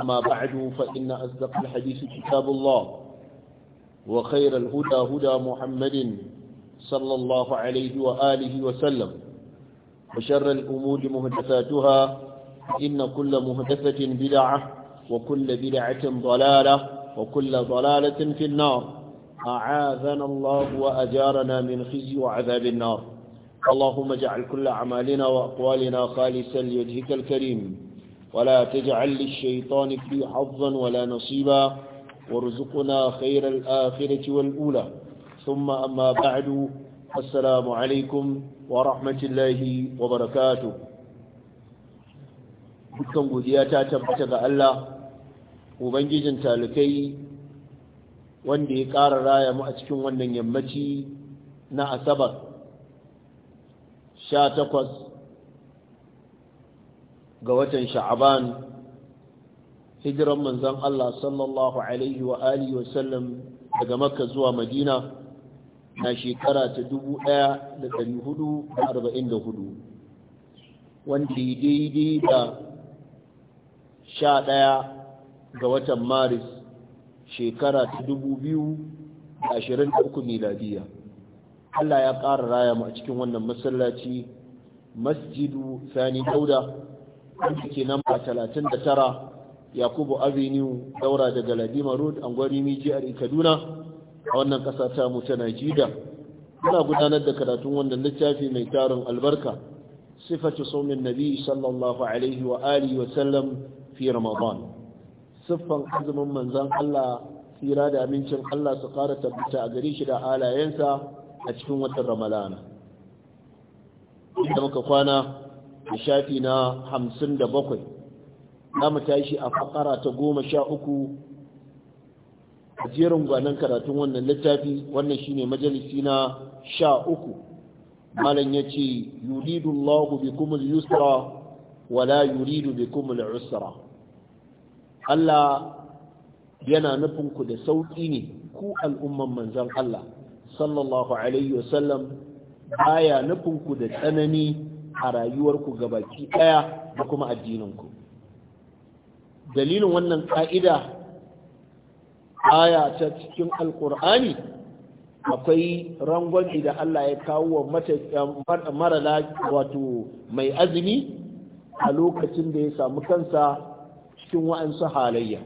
أما بعد فإن أصدق الحديث كتاب الله وخير الهدى هدى محمد صلى الله عليه وآله وسلم وشر الأمور مهدثاتها إن كل مهدثة بدعة وكل بدعة ضلالة وكل ضلالة في النار أعاذنا الله وأجارنا من خزي وعذاب النار اللهم اجعل كل أعمالنا وأقوالنا خالصا لوجهك الكريم ولا تجعل للشيطان في حظا ولا نصيبا وارزقنا خير الآخرة والأولى ثم أما بعد السلام عليكم ورحمة الله وبركاته dukkan godiya ta tabbata ga Allah ubangijin talikai wanda ya ƙara raya mu a cikin wannan yammaci na asabar 18 ga watan sha'aban hijiran manzan Allah sallallahu alaihi wa alihi wasallam daga makka zuwa madina na shekara ta 1444 wanda daidai da sha ɗaya ga watan maris shekara ta 2023 miladiya Allah ya ƙara raya mu a cikin wannan masallaci masjidu sani dauda wanda ke namba talatin da tara yakubu avenue daura daga ladima road angwari jihar e, kaduna a wannan ƙasa ta mu ta najida muna gudanar da karatun wannan littafi mai tarin albarka sifatu saumin nabi sallallahu alaihi wa alihi wa sallam fi ramadan siffan azumin manzon Allah tsira da amincin Allah su ƙara tabbata a gare shi da alayensa a cikin watan ramadana da muka kwana shafi na hamsin da bakwai za mu tashi a fakara ta goma sha uku a jerin gwanon karatun wannan littafi wannan shine majalisi na sha uku malam ya ce yuridu allahu bikum al-yusra wala yuridu bikum kuma usra Allah yana nufinku da sauƙi ne ku al'umman manzon Allah sallallahu alaihi wasallam baya nufin ku da tsanani a rayuwarku gabaki ɗaya da kuma addininku dalilin wannan ƙa'ida aya ta cikin Alƙur'ani, akwai rangon da Allah ya kawo wa mara wato mai azumi a lokacin da ya samu kansa cikin wa'ansu halayya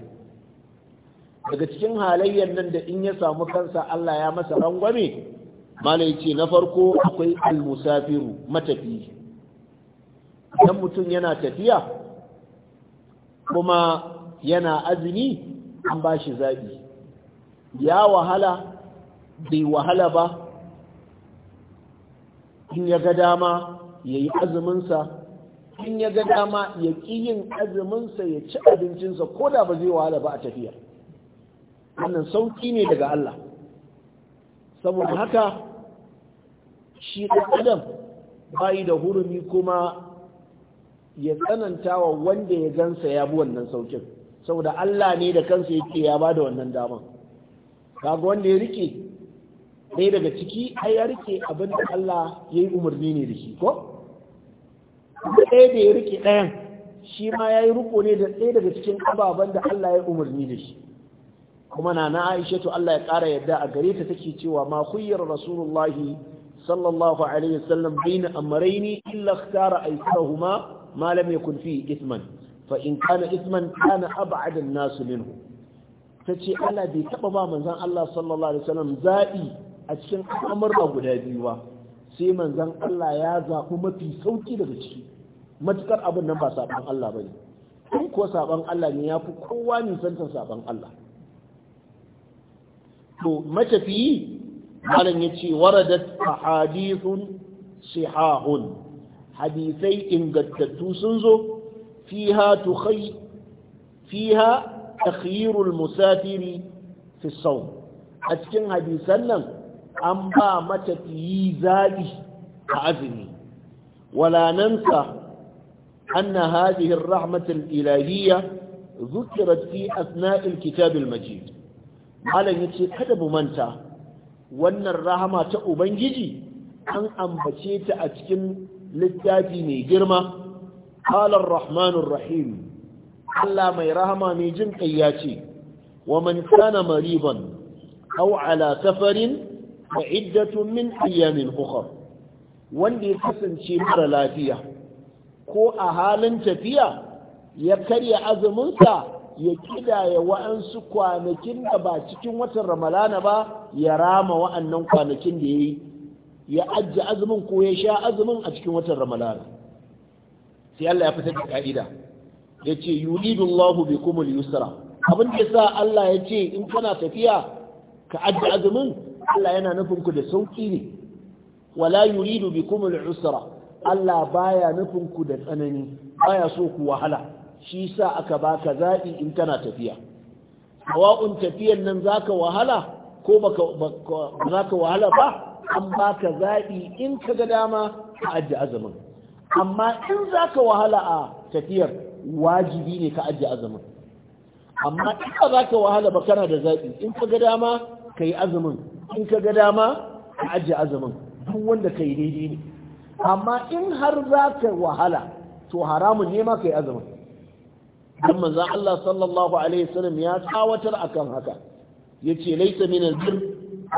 daga cikin halayyar nan da in ya samu kansa Allah ya masa rangwame mala ce na farko akwai al almusafiru matafi dan mutum yana tafiya kuma yana azumi an ba shi zaɓi ya wahala bai wahala ba in ya ga dama ya azuminsa in ya ga dama ya ƙi yin azuminsa ya ci abincinsa ko da ba zai wahala ba a tafiya wannan sauƙi ne daga Allah saboda haka shi ɗan adam bayi da hurumi kuma ya tsananta wa wanda ya gansa ya bi wannan saukin saboda Allah ne da kansa yake ya ba da wannan daman kaga wanda ya rike ɗaya daga ciki ai ya rike abin da Allah ya yi umarni ne da shi ko ɗaya da ya rike ɗayan shi ma ya yi riko ne da ɗaya daga cikin ababen da Allah ya yi umarni da shi kuma na na Aisha to Allah ya ƙara yadda a gare ta take cewa ma khuyyar rasulullahi sallallahu alaihi wasallam bayna amrayni illa ikhtara aysahuma ma lam yakun fi isman fa in kana isman kana ab'ad an-nas minhu tace Allah bai taɓa ba manzon Allah sallallahu alaihi a cikin al'amurra guda biyu ba sai manzon Allah ya zaɓi mafi sauki daga ciki matukar abin nan ba saban Allah ne. in ko saban Allah ne yafi kowa nisantar saban Allah to matafiyi malam yace waradat ahadithun sihahun hadisai ingantattu sun zo fiha tukhay fiha musafiri fi a cikin hadisan nan an ba matafiyi zabi a azumi wala anna hadhihi rahmatin rahmatu al-ilahiyya ذكرت في أثناء الكتاب المجيد malam ya ce kada mu manta wannan rahama ta ubangiji an ambace ta a cikin littafi mai girma halar rahmanun rahim Allah mai rahama mai jin kai ya ce wa man kana mariban aw ala safarin fa iddatun min ayyamin wanda ya kasance mara lafiya ko a halin tafiya ya karya azuminsa ya kidaya wa'ansu kwanakin da ba cikin watan ramalana ba ya rama wa'annan kwanakin da ya yi ya ajiye azumin ko ya sha azumin a cikin watan ramadana sai Allah ya fitar da ka'ida ya ce yuridullahu bikum al-yusra abin da sa Allah ya ce in kana tafiya ka ajiye azumin Allah yana nufin ku da sauki ne wala yuridu bikum al-usra Allah baya nufin ku da tsanani baya so ku wahala shi sa aka baka zaɓi in kana tafiya hawa'un tafiyan nan zaka wahala ko baka zaka wahala ba an baka zaɓi in ka ga dama ka ajiye azumin amma in za ka wahala a tafiyar wajibi ne ka ajiye azumin amma in ba za ka wahala ba kana da zaɓi in ka ga dama ka yi azumin in ka ga dama ka ajiye azumin duk wanda ka yi daidai ne amma in har za ka wahala to haramun ne ma ka yi azumin don manzan Allah sallallahu alaihi wasallam ya tsawatar akan haka yace laisa min al-bir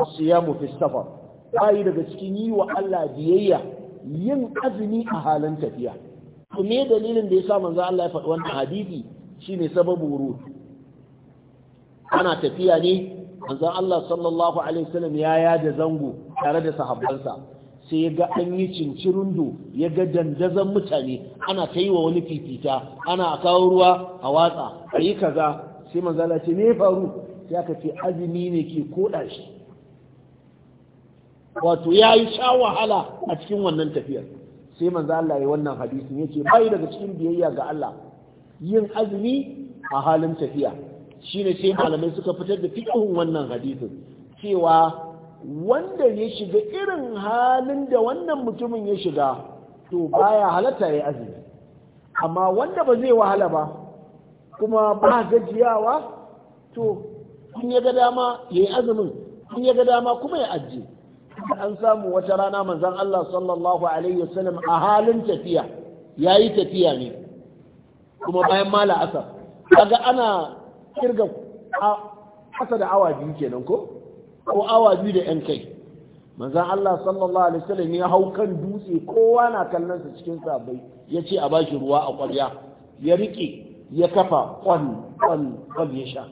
as fi safar bayi daga cikin yi wa Allah biyayya yin azumi a halin tafiya to me dalilin da ya sa manzo Allah ya faɗi wannan hadisi shine sababu ruhu. ana tafiya ne manzo Allah sallallahu alaihi wasallam ya yada zango tare da sahabbansa sai ya ga an yi do ya ga dandazon mutane ana ta yi wa wani fifita ana kawo ruwa a watsa a yi kaza sai manzo Allah ce me faru sai aka ce azumi ne ke koda shi wato ya yi sha wahala a cikin wannan tafiyar sai manzo Allah ya wannan hadisin yace bai daga cikin biyayya ga Allah yin azumi a halin tafiya shine sai malamai suka fitar da fiqhun wannan hadisin cewa wanda ya shiga irin halin da wannan mutumin ya shiga to baya halatta ya azumi amma wanda ba zai wahala ba kuma ba gajiyawa to in ya ga dama ya azumin in ya ga dama kuma ya ajiye an samu wata rana manzan Allah sallallahu alaihi wasallam a halin tafiya yayi tafiya ne kuma bayan mala asar kaga ana kirga kasa da awa biyu kenan ko ko awa biyu da yan kai manzan Allah sallallahu alaihi wasallam ya hau kan dutse kowa na kallon sa cikin sabai ce a bashi ruwa a kwarya ya rike ya kafa kwan kwan kwan ya sha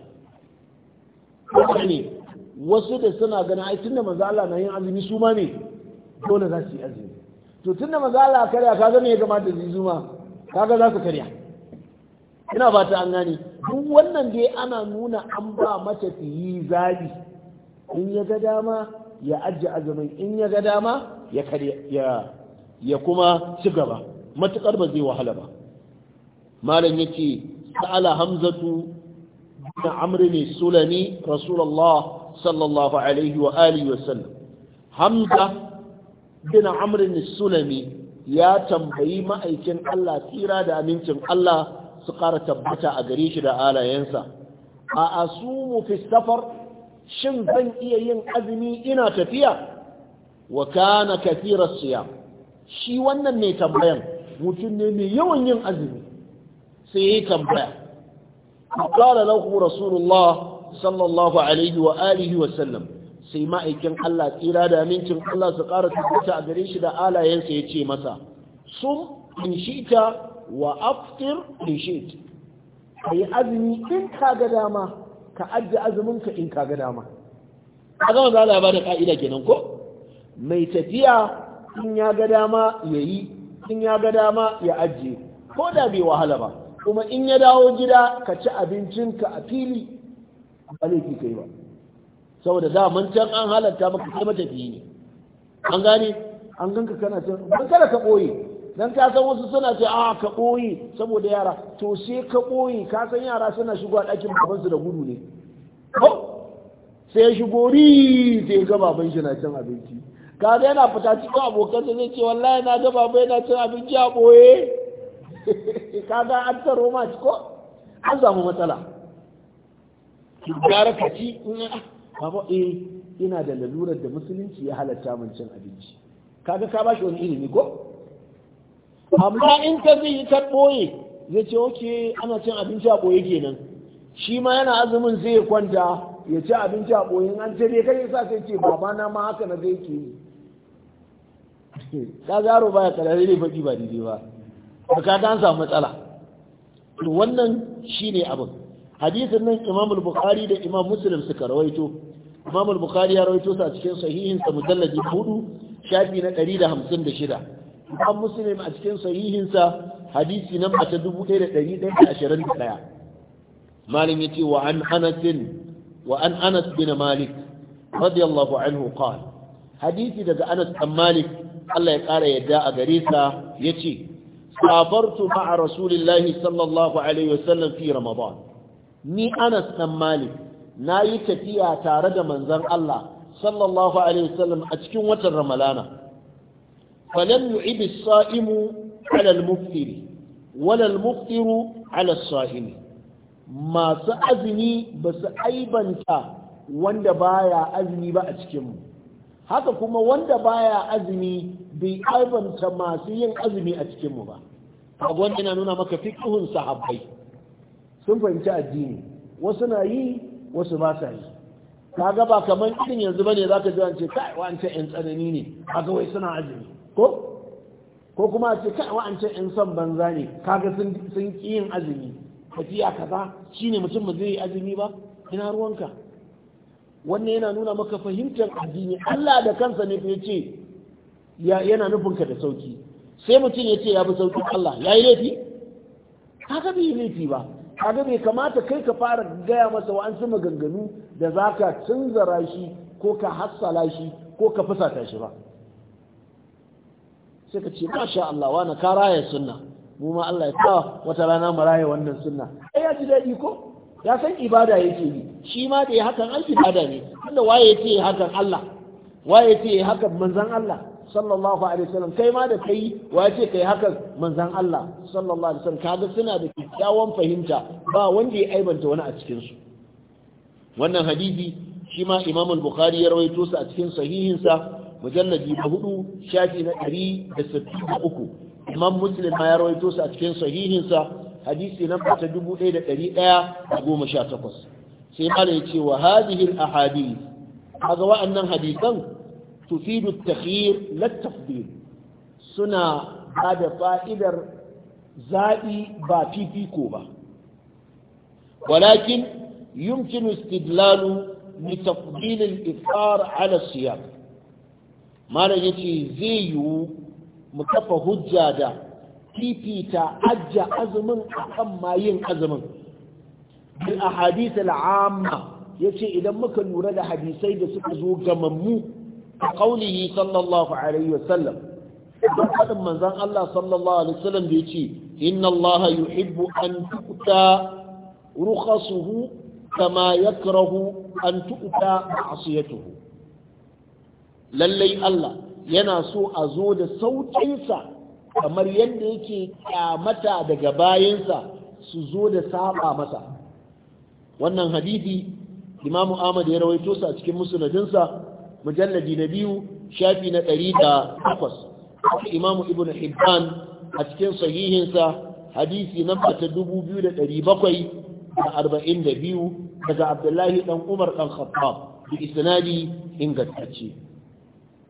ne wasu da suna ganin ai tunda manzo Allah na yin azumi su ma ne dole za su yi azumi to tunda manzo Allah karya kaga me ya kamata su yi kaga za su karya ina ba ta an gane duk wannan dai ana nuna an ba mace ta yi zabi in ya ga dama ya ajiye azumin in ya ga dama ya karya ya kuma ci gaba matukar ba zai wahala ba malam yace sa'ala hamzatu na amri ne sulani rasulullah sallallahu alaihi wa alihi wasallam hamza bin amr sulami ya tambayi ma'aikin Allah tsira da amincin Allah su ƙara tabbata a gare shi da alayensa a asumu fi safar shin zan iya yin azumi ina tafiya wa kana kathirar siyam shi wannan ne tambayan mutum ne mai yawan yin azumi sai ya tambaya qala lahu rasulullah sallallahu alaihi wa alihi wa sallam sai ma'aikin Allah tsira da amincin Allah su ƙara tabbata a gare shi da alayensa ya ce masa sum in shita wa aftir in shit ka yi azumi in ka ga dama ka ajiye azuminka in ka ga dama a gama za a ba da ka'ida kenan ko mai tafiya in ya ga dama ya yi in ya ga dama ya ajiye ko da bai wahala ba kuma in ya dawo gida ka ci abincinka a fili ba laifi kai ba saboda mun can an halatta maka kai mata matafiyi ne an gane an ganka kana can ban kada ka ɓoye dan ka san wasu suna ce a ah, ka ɓoye saboda yara to sai ka ɓoye ka san yara suna shigowa ɗakin babansu da gudu ne Ko sai ya shigo ri sai ga baban shi na cin abinci Ka ga yana fita cikin abokansa zai ce wallahi na ga babai yana cin abinci a ɓoye ga an taro ma ciko an samu matsala ki gara ka eh ina da lalurar da musulunci ya halatta min cin abinci kaga ka bashi wani ilimi ko amma in ka zai yi ta zai ce oke ana cin abinci a ɓoye kenan shi ma yana azumin zai kwanta ya ci abinci a ɓoye an ce dai kai sa sai ce babana ma haka na zai ke ka garo baya karare ne baki ba daidai ba ka ka an samu matsala to wannan shine abin hadisin nan imam al-bukhari da imam muslim suka rawaito imam al-bukhari ya rawaito sa cikin sahihin sa mujalladi 4 shafi na 156 imam muslim a cikin sahihin sa hadisi namba ta 1121 malam yace wa an anas wa an anas bin malik radiyallahu anhu qala hadisi daga anas bin malik Allah ya kara yadda a gare sa yace sabartu ma'a rasulillahi sallallahu alaihi wasallam fi ramadan ni Anas dan Malik na yi tafiya tare da manzon Allah sallallahu alaihi wasallam a cikin watan Ramadana. falam yu'ib as-sa'imu 'ala al-muftiri wala al 'ala as masu azumi ba su aibanta wanda baya azumi ba a cikinmu haka kuma wanda baya azumi bai aibanta masu yin azumi a cikinmu ba abuwan yana nuna maka fiqhun sahabbai sun fahimci addini wasu na yi wasu ba sa yi kaga ba kamar irin yanzu bane zaka ji an ce kai wa'ancan yan tsanani ne kaga wai suna azumi ko ko kuma a ce kai wa'ancan yan son banza ne kaga sun sun yin azumi a kaza shine mutum ba zai yi azumi ba ina ruwanka wannan yana nuna maka fahimtar addini Allah da kansa ne ya ce yana nufin ka da sauki sai mutum ya ce ya bi sauki Allah ya yi laifi kaga bai yi laifi ba kaga bai kamata kai ka fara gaya masa su maganganu da za ka tunzara shi ko ka hassala shi ko ka fusata shi ba sai ka ce sha Allah wa na ka raya sunna mu ma Allah ya sa wata rana mu raya wannan sunna ai ya ji daɗi ko ya san ibada yake yi shi ma da ya hakan an ibada ne wanda waye ya ce hakan Allah waye ya hakan manzon Allah sallallahu alaihi wasallam kai ma da kai wa ce kai hakan manzan Allah sallallahu alaihi wasallam kaga suna da kyakkyawan fahimta ba wanda ya aibanta wani a cikin su wannan hadisi shi ma Imam al-Bukhari ya rawaito sa a cikin sahihin sa mujalladi na shafi na 163 Imam Muslim ma ya rawaito sa a cikin sahihin sa hadisi na 1118 sai malai ya ce wa hadhihi al-ahadith kaga wa'annan hadisan tufidu takhir la tafdil suna bada fa'idar zabi ba fifiko ba walakin يمكن استدلاله لتفضيل الإفطار على الصيام ما يتي زيو مكفى هجة دا تيبيتا أجى أزمن أقام ما ين أزمن بالأحاديث العامة يتي إذا ما كان يراد حديثي دا سكزو جممو qaulihi sallallahu alaihi wasallam don faɗin manzon Allah sallallahu alaihi wasallam da yace inna Allah yuhibbu an tuqta rukhasuhu kama yakrahu an tuqta tuhu. lallai Allah yana so a zo da sauƙinsa kamar yadda yake kyamata daga bayansa su zo da saba masa wannan hadisi imamu ahmad ya rawaito a cikin musnadinsa mujalladi na biyu shafi na ɗari da takwas imamu ibn hibban a cikin sahihinsa hadisi na ta dubu biyu da ɗari bakwai da arba'in da biyu daga abdullahi ɗan umar ɗan khattab da isnadi ingantacce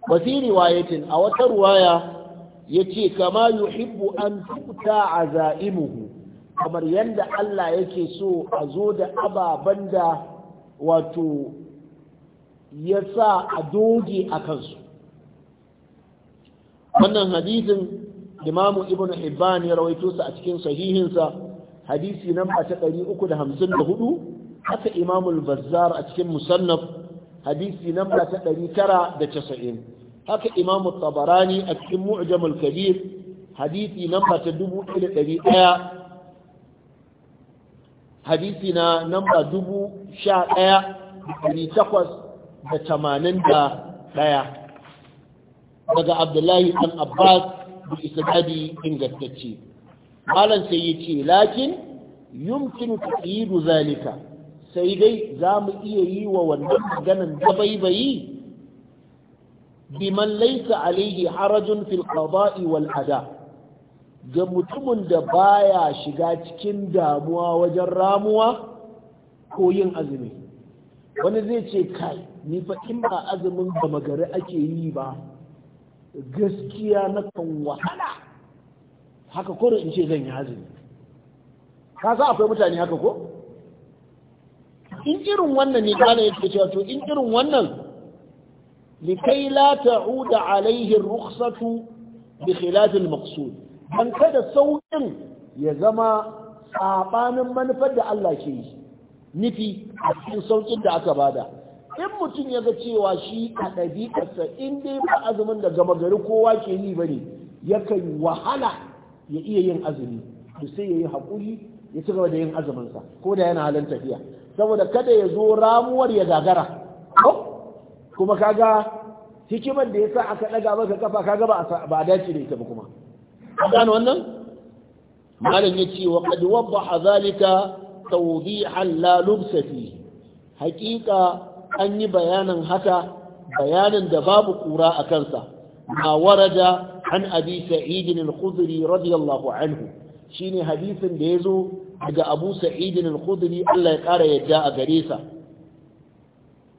wasi riwayatin a wata ruwaya ya ce kama hibbu an tuta zaimuhu kamar yadda Allah yake so a zo da ababen da wato ya sa a doge a kansu wannan hadisin imamu ibn hibban ya rawaito sa a cikin sahihinsa hadisi hamsin da hudu. haka imamul bazzar a cikin musannaf hadisi namba ta casa'in. haka imamu tabarani a cikin mu'jamul kabir hadisi namba ta ɗaya. hadisi na namba dubu sha ɗaya da ɗari takwas da tamanin da ɗaya daga abdullahi ɗan abbas da isnadi ingantacce malam sai yace, ce lakin yumkin taqidu zalika sai dai za mu iya yi wa wannan maganan dabaibayi biman laysa alaihi harajun fil qada'i wal ada ga mutumin da baya shiga cikin damuwa wajen ramuwa ko yin azumi wani zai ce kai ni fa in ba azumin gama gari ake yi ba gaskiya na kan wahala haka koro in ce zan yi azumi ka za akwai mutane haka ko in irin wannan ne kana yake cewa to in irin wannan likai la ta'uda alaihi rukhsatu bi khilaf al maqsud dan kada saukin ya zama sabanin manufar da Allah ke yi nufi a cikin saukin da aka bada in mutum ya ga cewa shi a ɗabi'arsa in dai ba azumin da gama gari kowa ke yi ba ne yakan wahala ya iya yin azumi to sai ya yi haƙuri ya ci gaba da yin azuminsa ko da yana halin tafiya saboda kada ya zo ramuwar ya gagara kuma kaga hikimar da ya sa aka ɗaga maka kafa kaga ba a dace da ita ba kuma gano wannan malam ya ce wa qad waddaha zalika tawdihan la lubsa fi an yi bayanin haka bayanin da babu kura a kansa ma warada an abi sa'id al-khudri radiyallahu anhu shine hadisin da yazo daga abu sa'id al-khudri Allah ya kara yadda a gare sa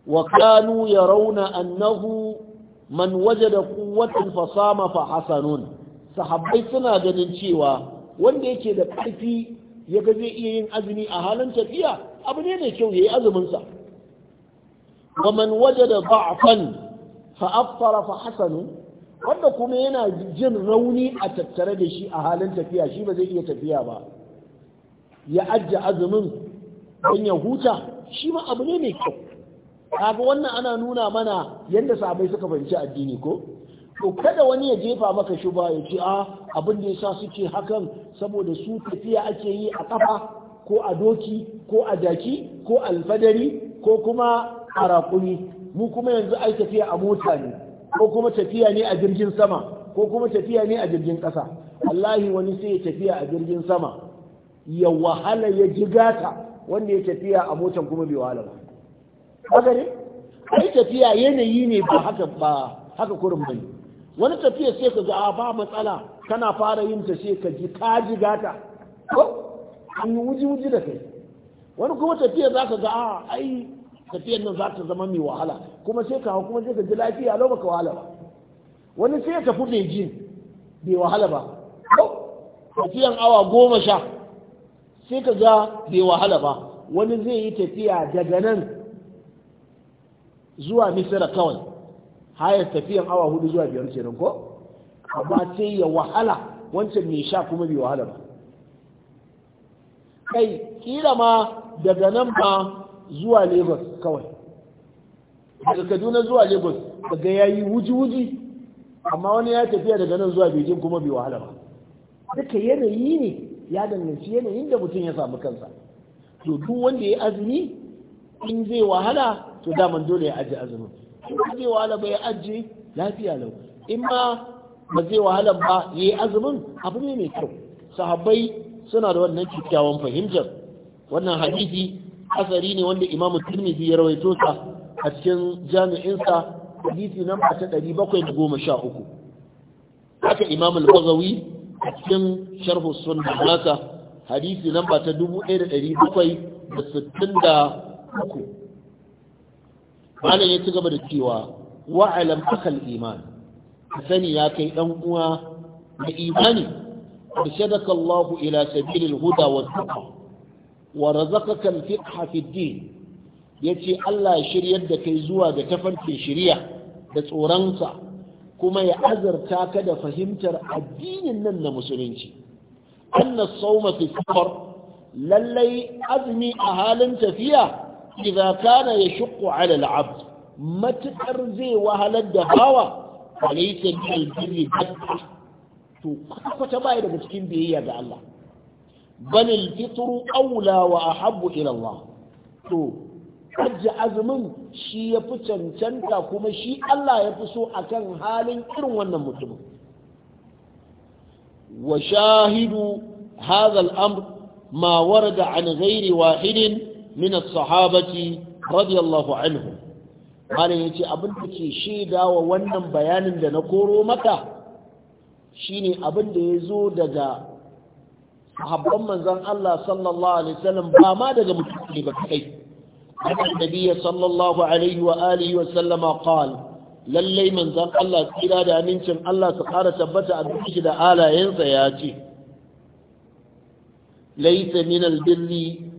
wa kanu yarawna annahu man wajada quwwatan fasama fa hasanun sahabbai suna ganin cewa wanda yake da ƙarfi yaga zai iya yin azumi a halin tafiya abu ne mai kyau yayi azumin sa ومن وجد ضعفا فأفطر فحسن wanda kuma yana jin rauni a tattare da shi a halin tafiya shi ba zai iya tafiya ba ya ajje azumin don ya huta shi ma abu ne mai kyau kaga wannan ana nuna mana yadda sabai suka fahimci addini ko to kada wani ya jefa maka shuba ya ce a abin da yasa suke hakan saboda su tafiya ake yi a kafa ko a doki ko a jaki ko alfadari ko kuma a raƙumi mu kuma yanzu ai tafiya a mota ne ko kuma tafiya ne a jirgin sama ko kuma tafiya ne a jirgin ƙasa wallahi wani sai ya tafiya a jirgin sama ya wahala ya ji gata wanda ya tafiya a motan kuma bai wahala ba haka ne ai tafiya yanayi ne ba haka ba haka kurin bane wani tafiya sai ka ga a ah, ba matsala kana fara yin ta sai ka ji ka ji gata ko an wuji wuji da kai wani kuma tafiya za ka ga a ah, ai tafiyan nan za ta zama mai wahala kuma sai ka hau kuma sai ka ji lafiya lau baka wahala ba wani sai ya tafi Beijing bai wahala ba tafiyan awa goma sha sai ka ga bai wahala ba wani zai yi tafiya daga nan zuwa misira kawai hayar tafiyan awa hudu zuwa biyar kenan ko amma sai ya wahala wancan mai sha kuma bai wahala ba kai kila ma daga nan ba zuwa lagos kawai daga kaduna zuwa lagos daga ya yi wuji-wuji amma wani ya tafiya daga nan zuwa beijing kuma bai wahala ba duka yanayi ne ya danganci yanayin da mutum ya samu kansa to duk wanda ya yi azumi in zai wahala to daman dole ya ajiye azumi in zai wahala ba ya ajiye lafiya lau in ma ba zai wahala ba ya yi azumin abu ne mai kyau sahabbai suna da wannan kyakkyawan fahimtar wannan hadisi asari ne wanda imamu tirmidhi ya rawaito sa a cikin jami'insa hadisi nan ta ɗari bakwai da goma sha uku haka imamu al-bazawi a cikin sharhu sunna nasa hadisi nan ta dubu ɗaya da ɗari bakwai da sittin da uku malam ya ci gaba da cewa wa'alam akal iman ka sani ya kai ɗan uwa na imani arshadaka Allahu ila sabilil huda wa taqwa wa razaqaka al-fiqha fi din yace Allah ya shiryar da kai zuwa ga tafarkin shiriya da tsoronsa kuma ya azarta ka da fahimtar addinin nan na musulunci anna sawma fi safar lallai azmi a halin tafiya idza kana yashqu ala al-abd matakar zai wahalar da bawa alaysa ta birri to kwata-kwata baya daga cikin biyayya ga Allah bal al-fitru aula wa ahabbu ila Allah to hajji azumin shi ya fi cancanta kuma shi Allah ya fi so a kan halin irin wannan mutumin wa shahidu hadha al-amr ma warada an ghairi wahidin min sahabati radiyallahu anhu malam yace abin da ke shaida wa wannan bayanin da na koro maka shine abin da ya zo daga sahabban manzon Allah sallallahu alaihi wasallam ba ma daga mutum ne ba kai annabi sallallahu alaihi wa alihi wa sallama qala lallai manzan Allah tsira da amincin Allah su ƙara tabbata a duk shi da alayensa ya ce laisa min albirri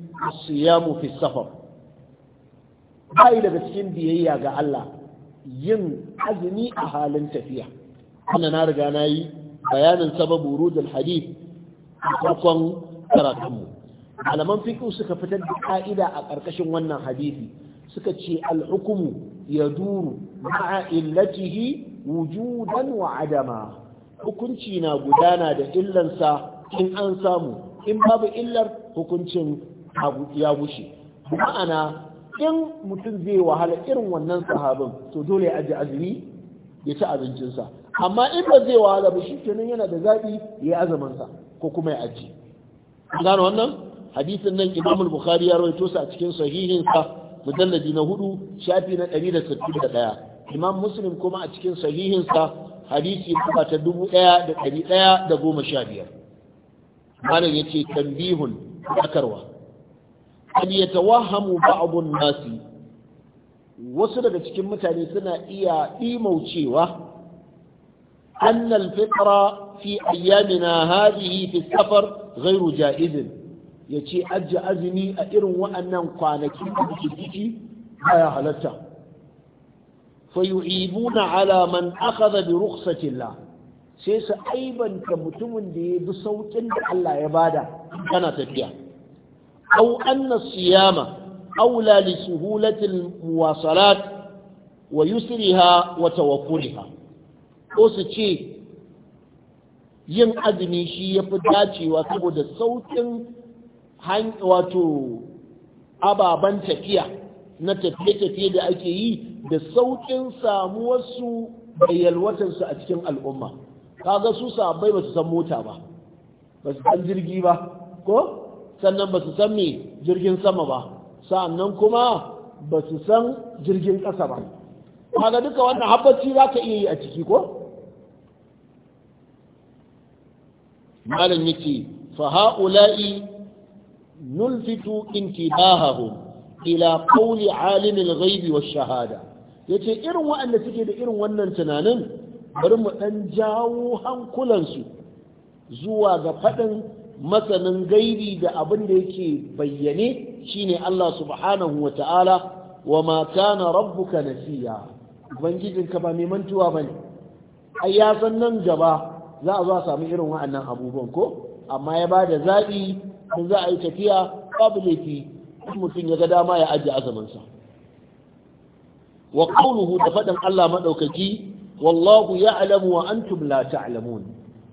siyamu fi safar bai daga cikin biyayya ga Allah yin azumi a halin tafiya ana na riga na bayanin sababu rudul hadith farkon karatunmu malaman fiqh suka fitar da ƙa'ida a ƙarƙashin wannan hadisi suka ce al ya duru, ma'a illatihi wujudan wa adama hukunci na gudana da illansa in an samu in babu illar hukuncin ya wuce ma'ana in mutum zai wahala irin wannan sahabin to dole ya ji azumi ya ci abincinsa amma in ba zai wahala ba shi kenan yana da zaɓi ya azaman sa ko kuma ya aji gano wannan hadisin nan Imam al-Bukhari ya rawaito sa a cikin sahihin sa mujalladi na hudu shafi na 161 Imam Muslim kuma a cikin sahihin sa hadisi goma ta 1115 malam yace tanbihun akarwa an ba ba'dun nasi wasu daga cikin mutane suna iya imaucewa أن الفطر في أيامنا هذه في السفر غير جائز يتي أجي أزمي أئرن وأنا قانكي بكتكي لا هلتا فيعيبون على من أخذ برخصة الله sai su aibanta mutumin da ya bi saukin da Allah ya bada kana tafiya aw anna siyama aula li suhulatil muwasalat wa yusriha ko su ce yin azumi shi ya fi dacewa saboda saukin wato ababen tafiya na tafiye-tafiye da ake yi da saukin samuwarsu da yalwatansu a cikin al'umma kaga su sabai ba su san mota ba ba su san jirgi ba ko sannan ba su san me jirgin sama ba sannan kuma ba su san jirgin ƙasa ba kaga duka wannan habbaci za ka iya yi a ciki ko malam yace fa ha'ula'i nulfitu intibahahum ila qawli alimil ghaibi wash shahada yace irin waɗanda suke da irin wannan tunanin bari mu dan jawo hankulansu zuwa ga faɗin masanin gaibi da abin da yake bayyane shine Allah subhanahu wa ta'ala wa ma kana rabbuka nasiya ubangijinka ba mai mantuwa bane ai ya san nan gaba za a zo a samu irin wa'annan abubuwan ko amma ya ba da zaɓi za a yi tafiya babu laifi mutum ya ga dama ya ajiye azaminsa wa qawluhu da faɗin Allah maɗaukaki wallahu ya'lamu wa antum la ta'lamun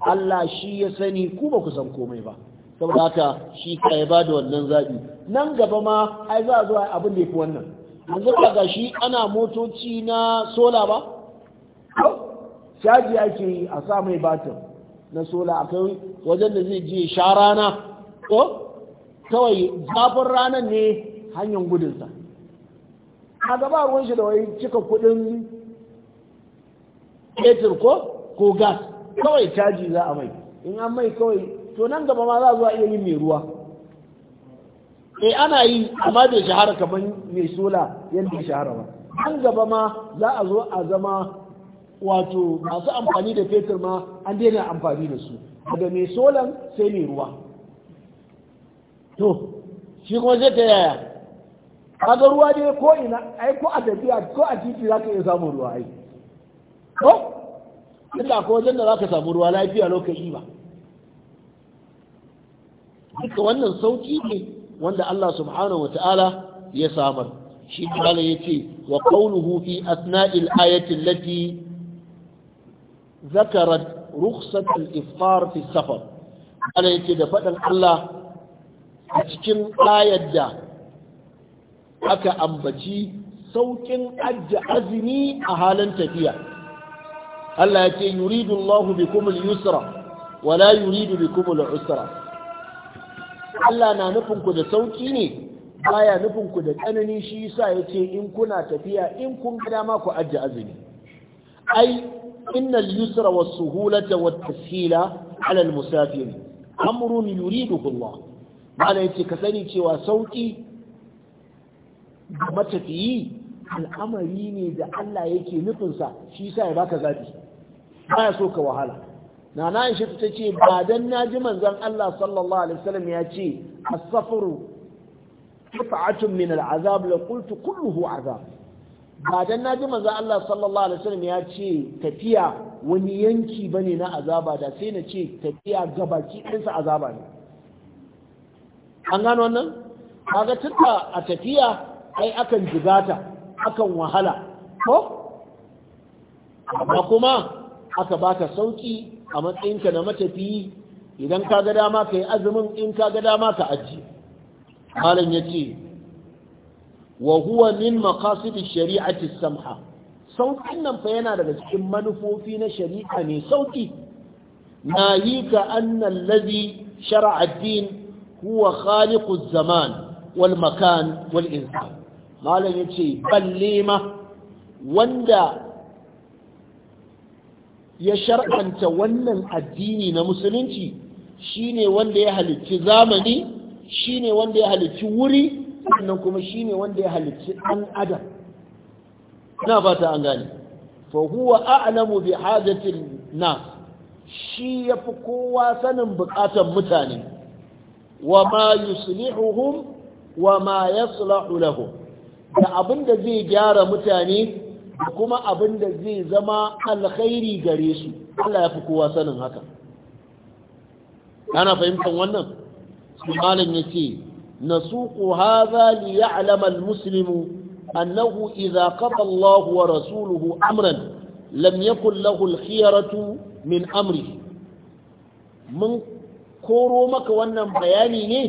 Allah shi ya sani ku ba ku san komai ba saboda haka shi ka ya bada wannan zaɓi nan gaba ma ai za a zo a abin da fi wannan yanzu ka ga shi ana motoci na sola ba caji ake yi a sa mai batir na sola a kai wajen da zai je sha rana ko kawai zafin ranar ne hanyar gudunsa a gaba ruwan shi da wai cika kudin fetur ko ko gas kawai caji za a mai in an mai kawai to nan gaba ma za zuwa iya yin mai ruwa e ana yi amma bai shahara kamar mai sola yadda ya shahara ba nan gaba ma za a zo a zama wato masu amfani da fetur ma an daina amfani da su daga mai solan sai mai ruwa to shi kuma zai ta yaya kaga ruwa ne ko ina ai ko a tafiya ko a titi za ka iya samun ruwa ai ko inda ko wajen da za ka samu ruwa lafiya lokaci ba duka wannan sauki ne wanda Allah subhanahu wata'ala ya samar shi kala ya ce wa kaunuhu fi asna'il ayatin lati zakarat rukhsat al-iftar fi safar ana da faɗin Allah a cikin ayar da aka ambaci sauƙin ajja azumi a halin tafiya Allah yake yuridu Allahu bikum al-yusra wala yuridu bikum al-usra Allah na nufinku da sauki ne baya nufin ku da tsanani shi yasa yace in kuna tafiya in kun ga dama ku ajja azumi ai inna al-yusra was-suhulata wat-tashila 'ala al-musafir amrun yuriduhu Allah mala yace ka sani cewa sauki matafiyi al'amari ne da Allah yake nufinsa shi sa ya baka zafi baya so ka wahala Nana na shi ta ce ba dan naji manzon Allah sallallahu alaihi wasallam ya ce as-safru qit'atun min al-azab la qultu kulluhu azab ba dan naji manzo Allah sallallahu alaihi wasallam ya ce tafiya wani yanki bane na azaba da sai na ce tafiya gabaki sa azaba ne an gano wannan kaga tunda a tafiya ai akan jigata akan wahala ko amma kuma aka baka sauki a matsayinka na matafiyi idan kaga dama ka azumin in kaga dama ka aji. malam yace wa huwa min maqasidi shari'ati samha saukin nan fa yana daga cikin manufofi na shari'a mai sauki nahika anna allazi shar'a ad-din huwa khaliqu az-zaman wal makan wal insan malam yace balle wanda ya shar'anta wannan addini na musulunci shine wanda ya halicci zamani shine wanda ya halicci wuri sannan kuma ne wanda ya halicci ɗan adam na fata an gani fa huwa a'lamu bi hajatil na shi ya fi kowa sanin bukatan mutane wa ma yuslihuhum wa ma yaslahu lahum da abin da zai gyara mutane da kuma abin da zai zama alkhairi gare su Allah ya fi kowa sanin haka ana fahimtar wannan malam ya ce نسوق هذا ليعلم المسلم أنه إذا قضى الله ورسوله أمرا لم يكن له الخيرة من أمره من koro maka wannan bayani ne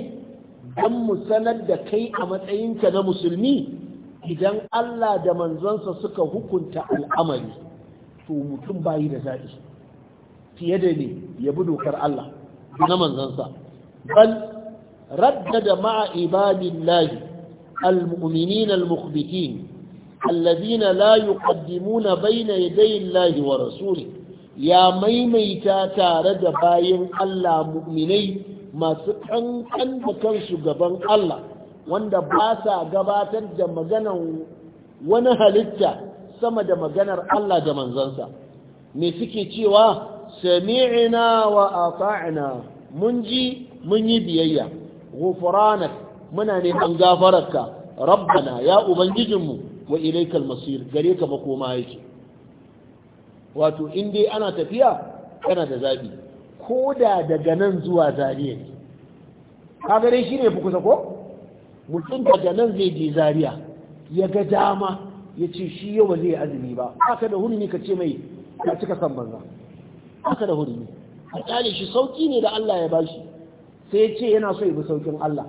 don mu sanar da kai a matsayinka na musulmi idan Allah da manzonsa suka hukunta al'amari to mutum bayi da zaɓi fiye da ne ya bi dokar Allah na manzonsa bal ردد مع عباد الله المؤمنين المخبتين الذين لا يقدمون بين يدي الله ورسوله يا ميميتا تارد باين الله مؤمني ما سكن كان بكنسو غبان الله wanda ba sa gabatar da maganan wani halitta sama da maganar Allah da manzansa me suke cewa sami'ina a ata'na mun ji mun yi biyayya ghufranak muna neman gafararka rabbana ya ubangijinmu wa ilaikal masir gare ka makoma yake wato in dai ana tafiya kana da zabi ko da daga nan zuwa zariya ne ka gare shi ne fi kusa ko mutum daga nan zai je zariya ya ga dama ya ce shi yau ba zai azumi ba haka da hurumi ka ce mai ka cika san banza haka da hurumi a tsare shi sauƙi ne da Allah ya bashi sai ya ce yana so ya bi saukin Allah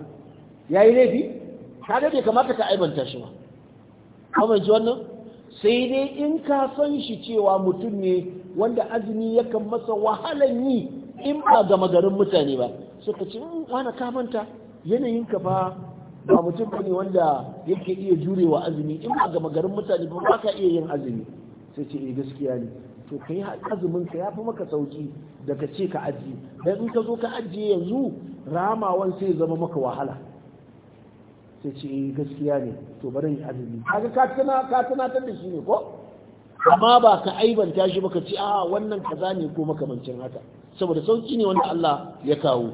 ya yi laifi ka bai kamata ka aibanta shi ba kamar ji wannan sai dai in ka san shi cewa mutum ne wanda azumi yakan masa wahalan yi in ba gama garin mutane ba suka ce wani hmm, kamanta yanayin ka fa ba mutum ba ne wanda yake iya jurewa azumi in ba gama garin mutane ba ba ka iya yin azumi sai ce eh gaskiya ne to kai azumin ka ya fi maka sauki da ce ka ajiye dan in ka zo ka ajiye yanzu ramawan sai zama maka wahala sai ce eh, gaskiya ne to bari yi azumi kaga ka tana ta da shi ne ko amma ba ka aibanta shi baka ci a ah, wannan kaza ne ko makamancin haka saboda sauki ne wanda Allah ya kawo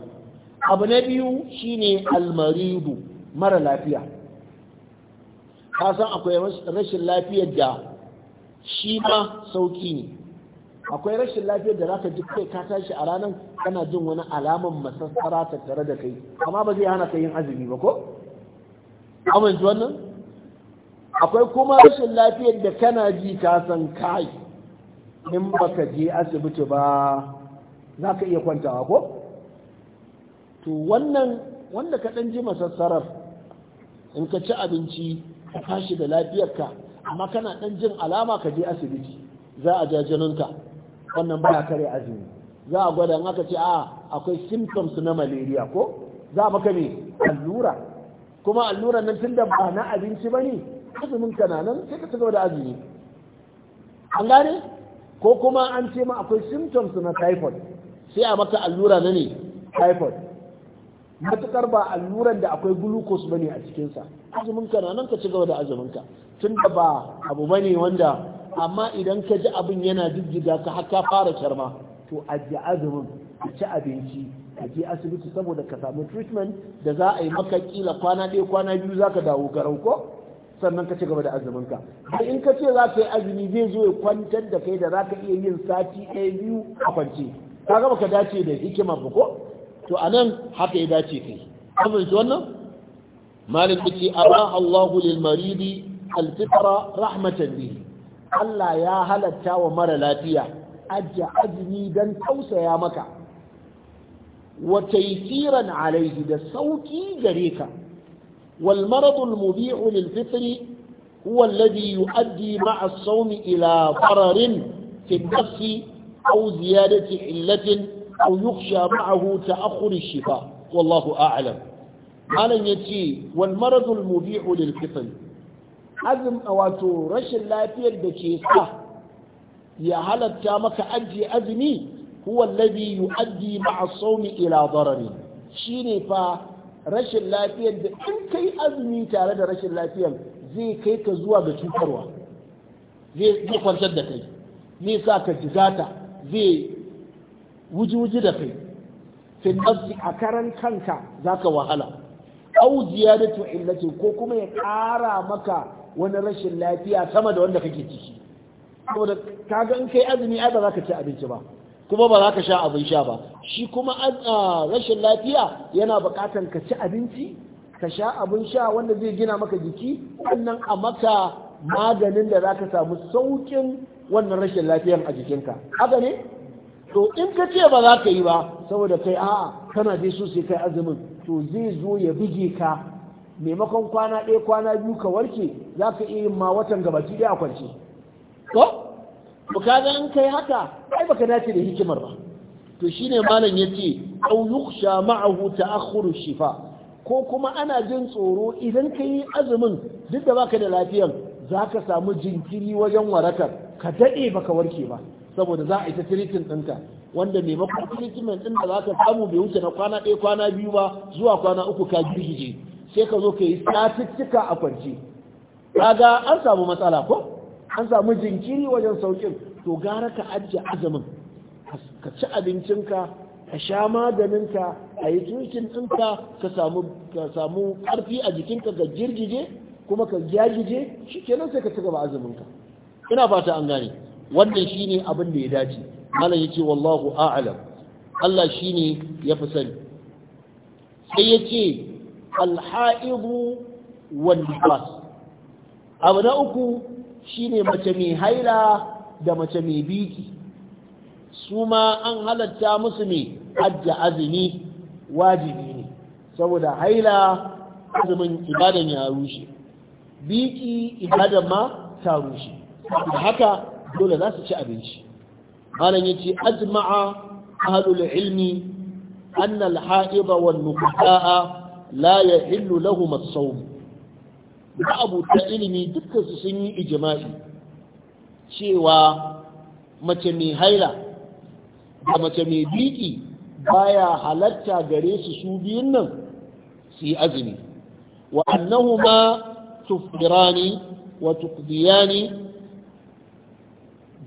abu na biyu shine almaridu mara lafiya ka san akwai rashin lafiyar da shi ma sauki ne akwai rashin lafiyar da za ka ji kai ka tashi a ranar kana jin wani alaman masassara ta tare da kai amma ba zai hana ka yin azumi ba ko amince wannan akwai kuma rashin lafiyar da kana ji ka san kai in ba ka je asibiti ba za ka iya kwantawa ko to wannan wanda ka ɗan ji masassarar in ka ci abinci ka tashi da lafiyarka amma kana ɗan jin alama ka je asibiti za a jajanunka wannan baya kare azumi za a gwada aka ce a akwai symptoms na malaria ko za a maka ne allura kuma allura nan tun da ba na abinci ne azumin ka na nan sai ka cigaba da azumi an gane ko kuma an ce ma akwai symptoms na typhoid sai a maka allura na ne typhoid matukar ba alluran da akwai glucose bane a cikinsa azumin ka na nan ka ci gaba da azumin ka da ba abu bane wanda amma idan ka ji abin yana jijjiga ka har ka fara sharma to ajiye azumin ka ci abinci ka je asibiti saboda ka samu treatment da za a yi maka kila kwana ɗaya kwana biyu za ka dawo garau ko sannan ka ci gaba da azumin ka in ka ce za ka yi azumi zai zo ya kwantar da kai da za ka iya yin sati ɗaya biyu a kwance ka gaba ka dace da hikima ba ko to a nan haka ya dace kai abin wannan malik ce aba Allahu lil maridi al-fitra rahmatan bihi Allah ya halatta wa mara lafiya ajiye azumi don tausaya maka wa taifiran alaihi da sauki gare ka wal maradul mubi'u lil fitri huwa alladhi yu'addi ma'a as-sawm ila fararin fi nafsi aw ziyadati illatin aw yukhsha ma'ahu ta'akhkhur ash-shifa wallahu a'lam malan yace wal maradul mubi'u lil fitri azum wato rashin lafiyar da ke sa ya halatta maka ajiye azumi huwa ladhi yu'addi ma'a sawmi ila darari shine fa rashin lafiyar da in kai azumi tare da rashin lafiyar zai kai ka zuwa ga cutarwa zai kwantar da kai zai sa ka jigata zai wuji-wuji da kai fin a karan kanka za wahala au ziyadatu illati ko kuma ya ƙara maka wani rashin lafiya sama da wanda kake ciki saboda kaga in kai azumi ai ba za ka ci abinci ba kuma ba za ka sha abin sha ba shi kuma ah, rashin lafiya yana bukatan ka ci abinci ka sha abin sha wanda zai gina maka jiki wannan a maka maganin da za ka samu saukin wannan rashin lafiyar a jikinka haka ne to in ka ce ba za ka yi ba saboda kai a'a kana dai so sai kai azumin to zai zo ya buge ka maimakon kwana ɗaya kwana biyu ka warke za ka iya yin ma watan gabaki ɗaya a kwance ko in kai haka ai baka dace da hikimar ba to shine malam yace au yukhsha ma'ahu ta'akhkhuru shifa ko kuma ana jin tsoro idan ka yi azumin duk da baka da lafiyar za ka samu jinkiri wajen warakar ka daɗe baka warke ba saboda za a yi ta ɗinka wanda maimakon treatment ɗin da ka samu bai wuce na kwana ɗaya kwana biyu ba zuwa kwana uku ka girgije sai ka zo ka yi satuttuka a kwanci kaga an samu matsala ko an samu jinkiri wajen saukin to gara ka ajiye azumin ka ci abincinka ka sha maganinka a yi tukin ɗinka ka samu ƙarfi a jikinka ga girgije kuma ka gyagije shi ke nan sai ka ci gaba azuminka ina fata an gane wannan ne abin da ya dace malam ya ce wallahu a'lam Allah shi ne ya fi sani sai ya ce. alha'idu wal nifas abu na uku shine mace mai haila da mace mai biki su ma an halatta musu ne hajja azumi wajibi ne saboda haila azumin ibadan ya rushe biki ibadan ma ta rushe da haka dole za su ci abinci malam yace ajma'a ahlul ilmi anna al-ha'ida wan nuqa'a la yahillu lahum as-sawm ma'abuta ilimi dukkan su sun yi ijima'i cewa mace mai haila da mace mai biki baya halatta gare su su biyun nan su yi azumi wa annahuma tufirani wa tuqdiyani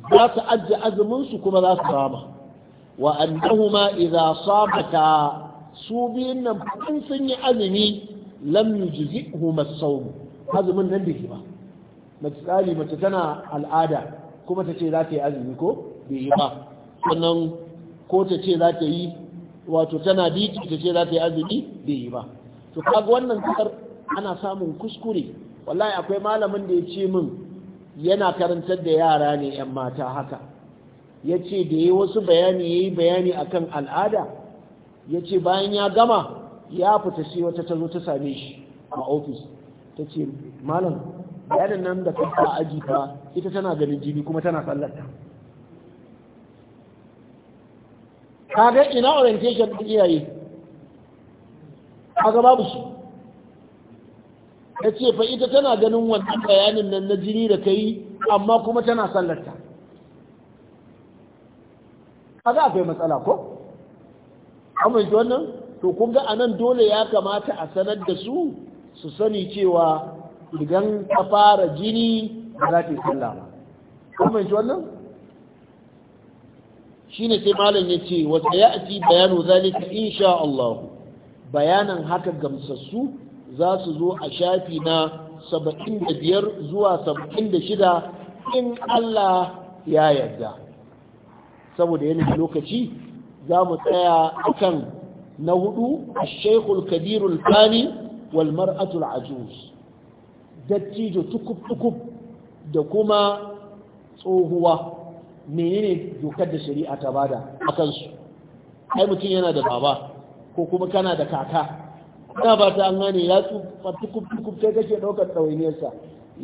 za su ajiye azuminsu kuma za su rama wa ma idza sabata su biyun nan in sun yi azumi lam yujzihu as-sawm azumin nan bai ba misali mace tana al'ada kuma ta ce za ta yi azumi ko bai yi ba sannan ko ta ce za ta yi wato tana biki ta ce za ta yi azumi bai yi ba to kaga wannan kasar ana samun kuskure wallahi akwai malamin da ya ce min yana karantar da yara ne yan mata haka ya ce da ya wasu bayani ya yi bayani akan al'ada ya ce bayan ya gama ya fita sai wata ta zo ta same shi a ofis ta ce malam yanin nan da kanta aji fa ita tana ganin jini kuma tana sallarta kaga ina orientation ɗin iyaye kaga babu shi ta ce fa ita tana ganin wannan bayanin nan na jini da ka yi amma kuma tana sallarta kaga akwai matsala ko? amma ji wannan to kun ga anan dole ya kamata a sanar da su su sani cewa idan ka fara jini ba za ta yi sallah ba amma ji wannan shine sai malam ya ce wata ya ati bayanu zalika insha Allah bayanan haka gamsassu za su zo a shafi na 75 zuwa 76 in Allah ya yarda saboda yana lokaci za mu tsaya a kan na hudu a shekul kabirul kani walmar Atul ajus dattijo tukub-tukub da kuma tsohuwa menene dokar da shari'a ta bada a kansu ai mutum yana da baba ko kuma kana da kaka ina ba ta an ya tsufa tukub-tukub sai kake ɗaukar ɗawainiyarsa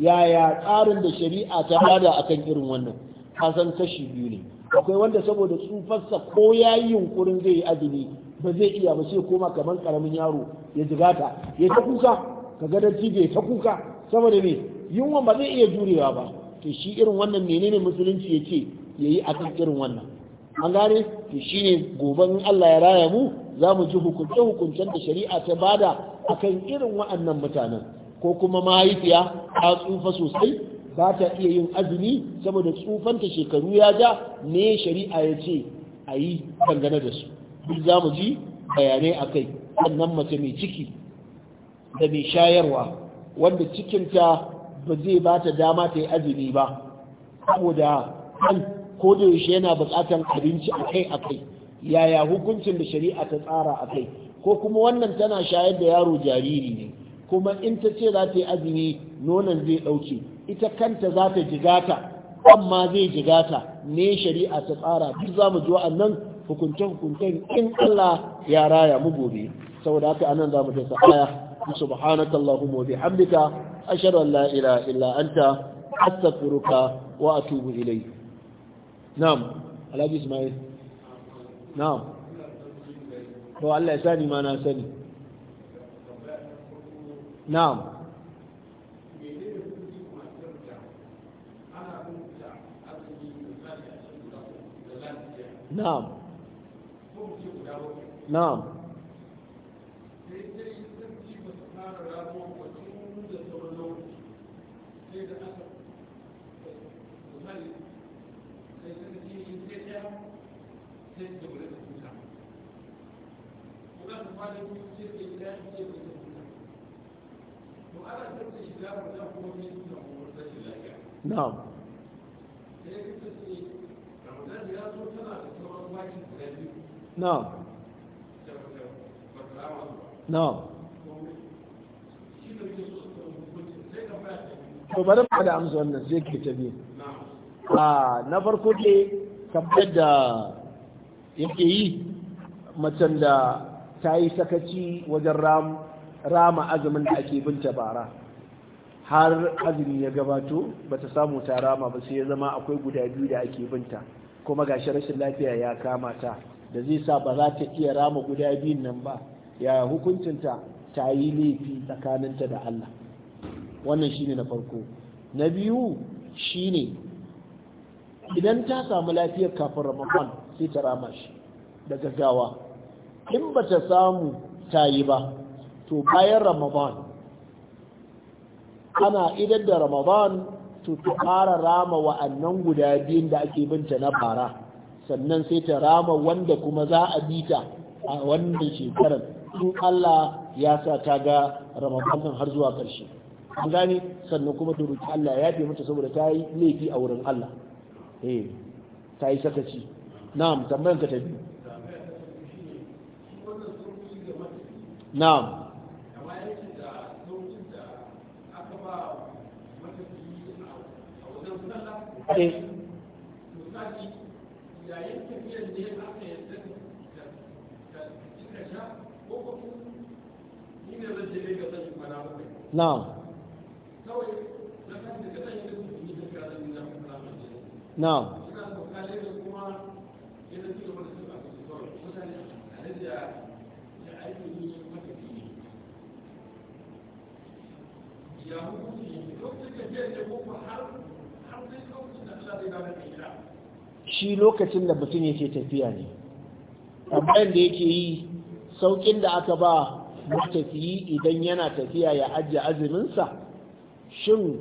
yaya tsarin da shari'a ta bada akan irin wannan kasan kashi biyu ne akwai wanda saboda tsufarsa ko ya yi yunkurin zai yi azumi ba zai iya ba sai koma kamar karamin yaro ya jigata ya ta kuka ka ga dattijo ta kuka saboda ne yunwa ba zai iya jurewa ba to shi irin wannan menene musulunci ya ce ya yi akan irin wannan an gane to shi ne in Allah ya raya mu za mu ji hukunce hukuncen da shari'a ta bada akan irin wa'annan mutanen ko kuma mahaifiya ta tsufa sosai ba ta iya yin azumi saboda tsufanta shekaru ya ja ne shari'a ya ce a yi dangane da su duk za mu ji bayanai a kai sannan mace mai ciki da mai shayarwa wanda cikinta ba zai ba ta dama ta yi azumi ba saboda an ko da yaushe yana buƙatar abinci a kai a kai yaya hukuncin da shari'a ta tsara a kai ko kuma wannan tana shayar da yaro jariri ne kuma in ta ce za ta yi azumi nonon zai ɗauke ita kanta za ta jigata amma zai jigata ne shari'a ta tsara duk za mu ji wa'annan hukunce-hukuncen in Allah ya raya mu gobe saboda haka anan za mu ta sa'aya subhanaka allahumma wa bihamdika ashhadu an la ilaha illa anta astaghfiruka wa atubu ilayk na'am alhaji ismail na'am to Allah ya sani ma na sani na'am na'am na'am Na'am. na'am na'am to bari mu da amsa wannan zai ke ta biyu a ah, na farko ne kamar da yake yi macen da ta yi sakaci wajen rama azumin da ake binta bara har azumi ya gabato ba ta samu ta rama ba sai ya zama akwai guda biyu da ake binta kuma gashi rashin lafiya ya kama ta da zai sa ba za ta iya rama guda biyun nan ba ya hukuncinta ta yi laifi tsakaninta da Allah wannan shine na farko na biyu shine idan ta samu lafiyar kafin ramadan sai ta rama shi da gaggawa in ba ta samu ta yi ba to bayan ramadan ana idar da ramadan to ta ƙara rama wa'annan guda biyun da ake binta na fara. sannan sai ta rama wanda kuma za a bita a wannan shekarar in Allah ya sa ta ga ramadan nan har zuwa ƙarshe an gane sannan kuma ta roki Allah ya yafe mata saboda ta yi laifi a wurin Allah eh ta yi sakaci na'am tambayan ka ta biyu na'am eh yayin tafiyar ne aka yadda sha ko ko ni ne zan je ga zan kawai na kan da ni zan zan da da kuma su a da ya aiki ya hukunci ko har har da zai shi lokacin da mutum yake tafiya ne bayan da yake yi saukin da aka ba matafiyi idan yana tafiya ya ajiye azuminsa shin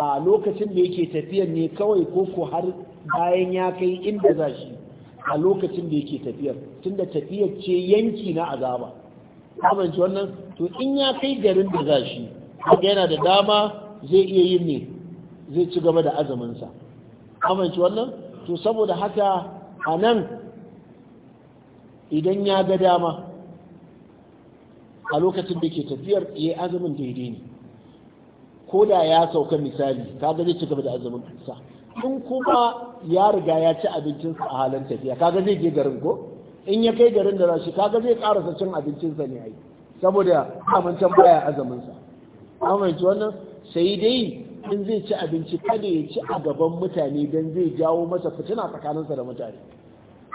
a lokacin da yake tafiyan ne kawai ko har bayan ya kai inda za shi a lokacin da yake tafiyar tunda tafiya ce yanki na azaba abinci wannan to in ya kai garin da za shi yana da dama zai iya yin ne zai ci gaba da azuminsa abinci wannan to saboda haka a nan idan ya ga dama a lokacin da ke tafiyar ya azumin daidai ne ko da ya sauka misali ka zai ci gaba da azumin sa in kuma ya riga ya ci abincinsa a halin tafiya kaga zai je garin ko in ya kai garin da za shi kaga zai karasa cin abincinsa ne ai saboda amincin baya azumin sa amince wannan sai dai in zai ci abinci kada ya ci a gaban mutane don zai jawo masa fitina tsakaninsa da mutane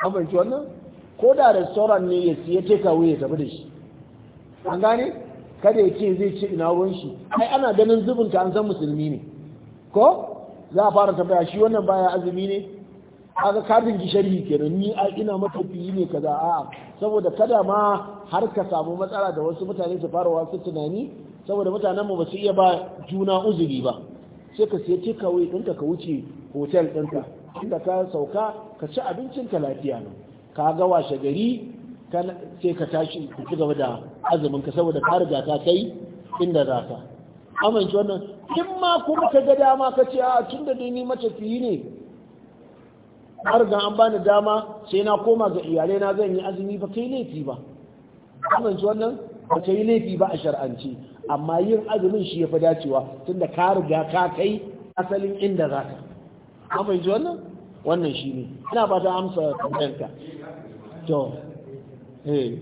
amince wannan ko da restoran ne ya siya teka wuya ya tafi da shi an gane kada ya ce zai ci ina ruwan shi ai ana ganin zubin ta an san musulmi ne ko za a fara tambaya shi wannan baya azumi ne ga kafin gishari kenan ni a ina matafiyi ne kaza a'a saboda kada ma har ka samu matsala da wasu mutane su fara wasu tunani saboda mutanen mu ba su iya ba juna uzuri ba sai ka siya takeaway ɗinka ka wuce hotel ɗinka inda ka sauka ka ci abincin ka lafiya nan ka ga washe gari sai ka tashi ka ci gaba da azumin ka saboda ka riga ka kai inda za ka amince wannan in ma kuma ka ga dama ka ce a tun da ni matafiyi ne har ga an bani dama sai na koma ga iyalai na zan yi azumi ba kai laifi ba amince wannan ba ta yi laifi ba a shar'anci amma yin azumin shi ya fi dacewa tunda ka riga ka kai asalin inda za ka amma yanzu wannan wannan shi ne ina ba ta amsa tambayarka to eh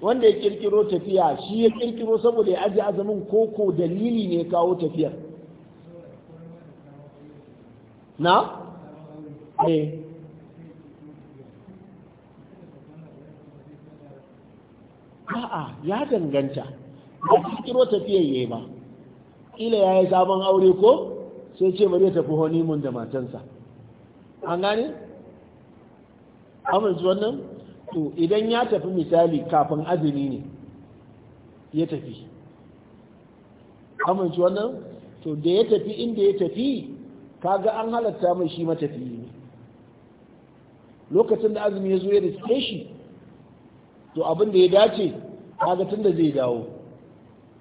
wanda ya kirkiro tafiya shi ya kirkiro saboda ya aji azumin koko dalili ne kawo tafiyar na? eh a'a ya danganta ba kiro tafiyar yayi ba kila ya yi sabon aure ko sai ce bari ya tafi honeymoon da matansa an gane? amince wannan? to idan ya tafi misali kafin azumi ne ya tafi amince wannan? to da ya tafi inda ya tafi kaga an halatta mai shi matafi ne lokacin da azumi ya zo ya riske shi to abin da ya dace kaga tunda zai dawo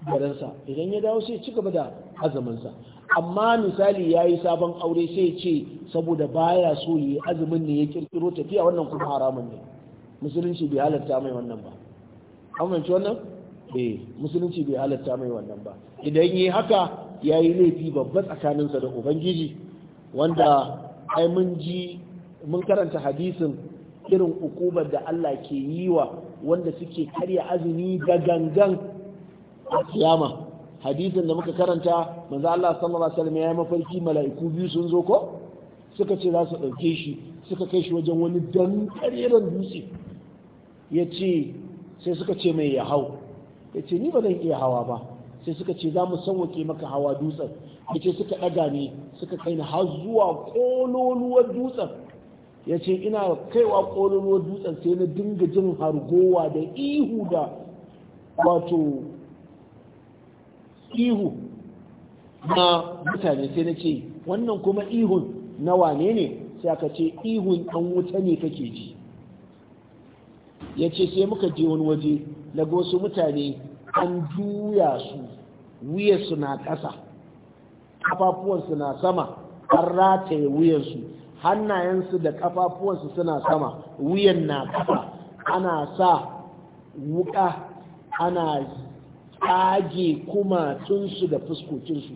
garinsa idan ya dawo sai ci gaba da azuminsa amma misali ya yi sabon aure sai ce saboda baya so yi azumin ne ya kirkiro tafiya wannan kuma haramun ne musulunci bai halatta mai wannan ba amince wannan eh musulunci bai halatta mai wannan ba idan yi haka ya yi laifi babba tsakaninsa da ubangiji wanda ai mun ji mun karanta hadisin irin hukumar da Allah ke yi wa wanda suke karya azumi ga gangan a kiyama hadisin da muka karanta manzo Allah sallallahu alaihi wasallam ya mafarki mala'iku biyu sun zo ko suka ce za su dauke shi suka kai shi wajen wani dan karyeran dutse ya ce sai suka ce mai ya hau ya ce ni ba zan iya hawa ba sai suka ce za mu sauwake maka hawa dutsen ya ce suka ɗaga ne suka kai ni har zuwa kololuwar dutsen ya ce ina kaiwa ƙololuwar dutsen sai na dinga jin hargowa da ihu da wato ihu na mutane sai na ce wannan kuma ihun na wane ne sai aka ce ihun ɗan wuta ne kake ji ya ce sai muka je wani waje na wasu mutane an juya su wuyarsu na ƙasa kafafuwansu na sama an rataye wuyansu hannayensu da kafafuwansu suna sama wuyan na kafa. ana sa wuka ana tsage kuma kumatunsu da fuskokinsu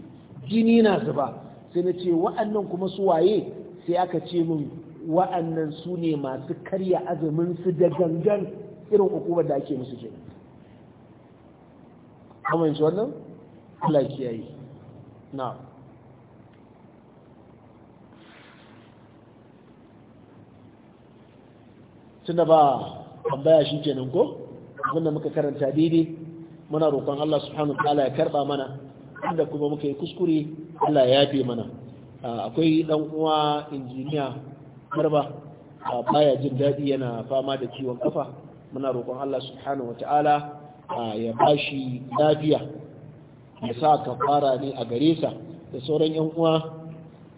jini na zuba sai na ce wa'annan kuma su waye sai aka ce min wa'annan su ne masu karya azumin da gangan irin hukumar da ake musu kenan kamar yanzu wannan Allah yi na'am tunda ba tambaya shi kenan ko abinda muka karanta daidai muna roƙon Allah subhanahu wa ta'ala ya karba mana inda kuma muka yi kuskure Allah ya yafe mana akwai dan uwa injiniya marba baya jin daɗi yana fama da ciwon kafa muna roƙon Allah subhanahu ta'ala ya bashi lafiya ya sa fara ne a gare sa da sauran yan uwa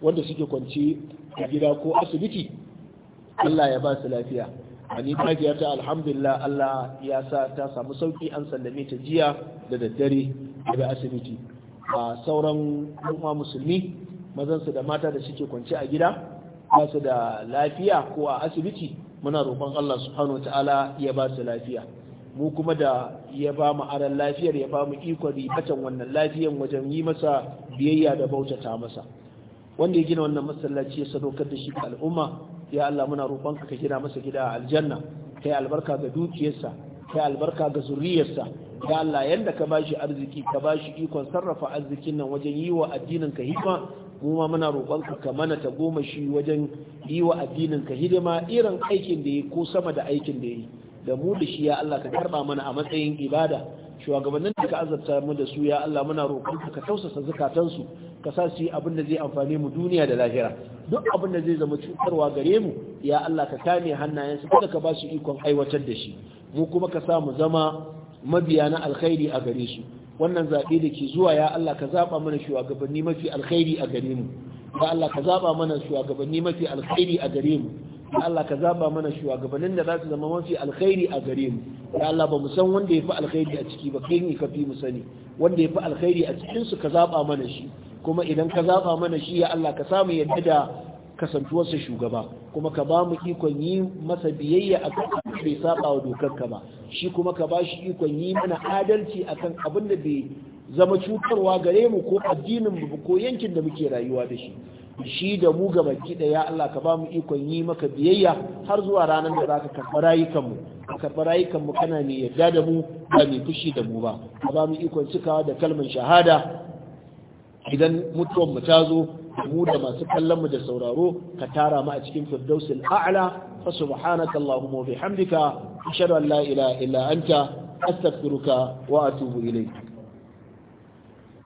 wanda suke kwance a gida ko asibiti Allah ya ba su lafiya ani ta alhamdulillah Allah ya sa ta samu sauki an sallame ta jiya da daddare daga asibiti a sauran al'umma musulmi mazansu da mata da suke kwance a gida ba su da lafiya ko a asibiti muna roƙon Allah subhanahu ta'ala ya ba su lafiya mu kuma da ya ba mu aran lafiyar ya ba mu ikon ribatan wannan lafiyan wajen yi masa biyayya da bautata masa wanda ya gina wannan masallaci ya sadaukar da shi al'umma ya Allah muna roƙonka ka gina masa gida a aljanna kai albarka ga dukiyarsa kai albarka ga zuriyarsa ya Allah yanda ka bashi arziki ka bashi ikon sarrafa arzikin nan wajen yi wa addinin ka hikma mu ma muna roƙonka ka mana ta goma shi wajen yi wa addinin ka hidima irin aikin da yi ko sama da aikin da yi da mu da shi ya Allah ka karba mana a matsayin ibada shugabannin da ka azabta mu da su ya Allah muna roƙon ka tausasa zakatansu ka sa su yi abin da zai amfane mu duniya da lahira duk abin da zai zama cutarwa gare mu ya Allah ka kame hannayensu kada ka ba su ikon aiwatar da shi mu kuma ka sa mu zama mabiya na alkhairi a gare su wannan zaɓe da ke zuwa ya Allah ka zaɓa mana shugabanni mafi alkhairi a gare mu ya Allah ka zaɓa mana shugabanni mafi alkhairi a gare mu Allah ka zaba mana shugabannin da za su zama mafi alkhairi a gare mu ya Allah ba mu san wanda ya fi alkhairi a ciki ba kai ne ka fi mu sani wanda ya fi alkhairi a cikin su ka zaba mana shi kuma idan ka zaba mana shi ya Allah ka samu yadda da kasantuwar sa shugaba kuma ka ba mu ikon yi masa biyayya akan abin bai saba wa ka ba shi kuma ka ba shi ikon yi mana adalci akan abin da bai zama cutarwa gare mu ko addinin mu ko yankin da muke rayuwa da shi shi da mu ga baki daya Allah ka ba mu ikon yi maka biyayya har zuwa ranar da zaka karɓi rayukanmu ka karɓi rayukanmu kana mai yarda da mu ba mai fushi da mu ba ka ba mu ikon cikawa da kalmar shahada idan mutuwan mu ta zo mu da masu kallon mu da sauraro ka tara mu a cikin firdausil a'la fa subhanaka allahumma wa bihamdika ashhadu an la ilaha illa anta astaghfiruka wa atubu ilayk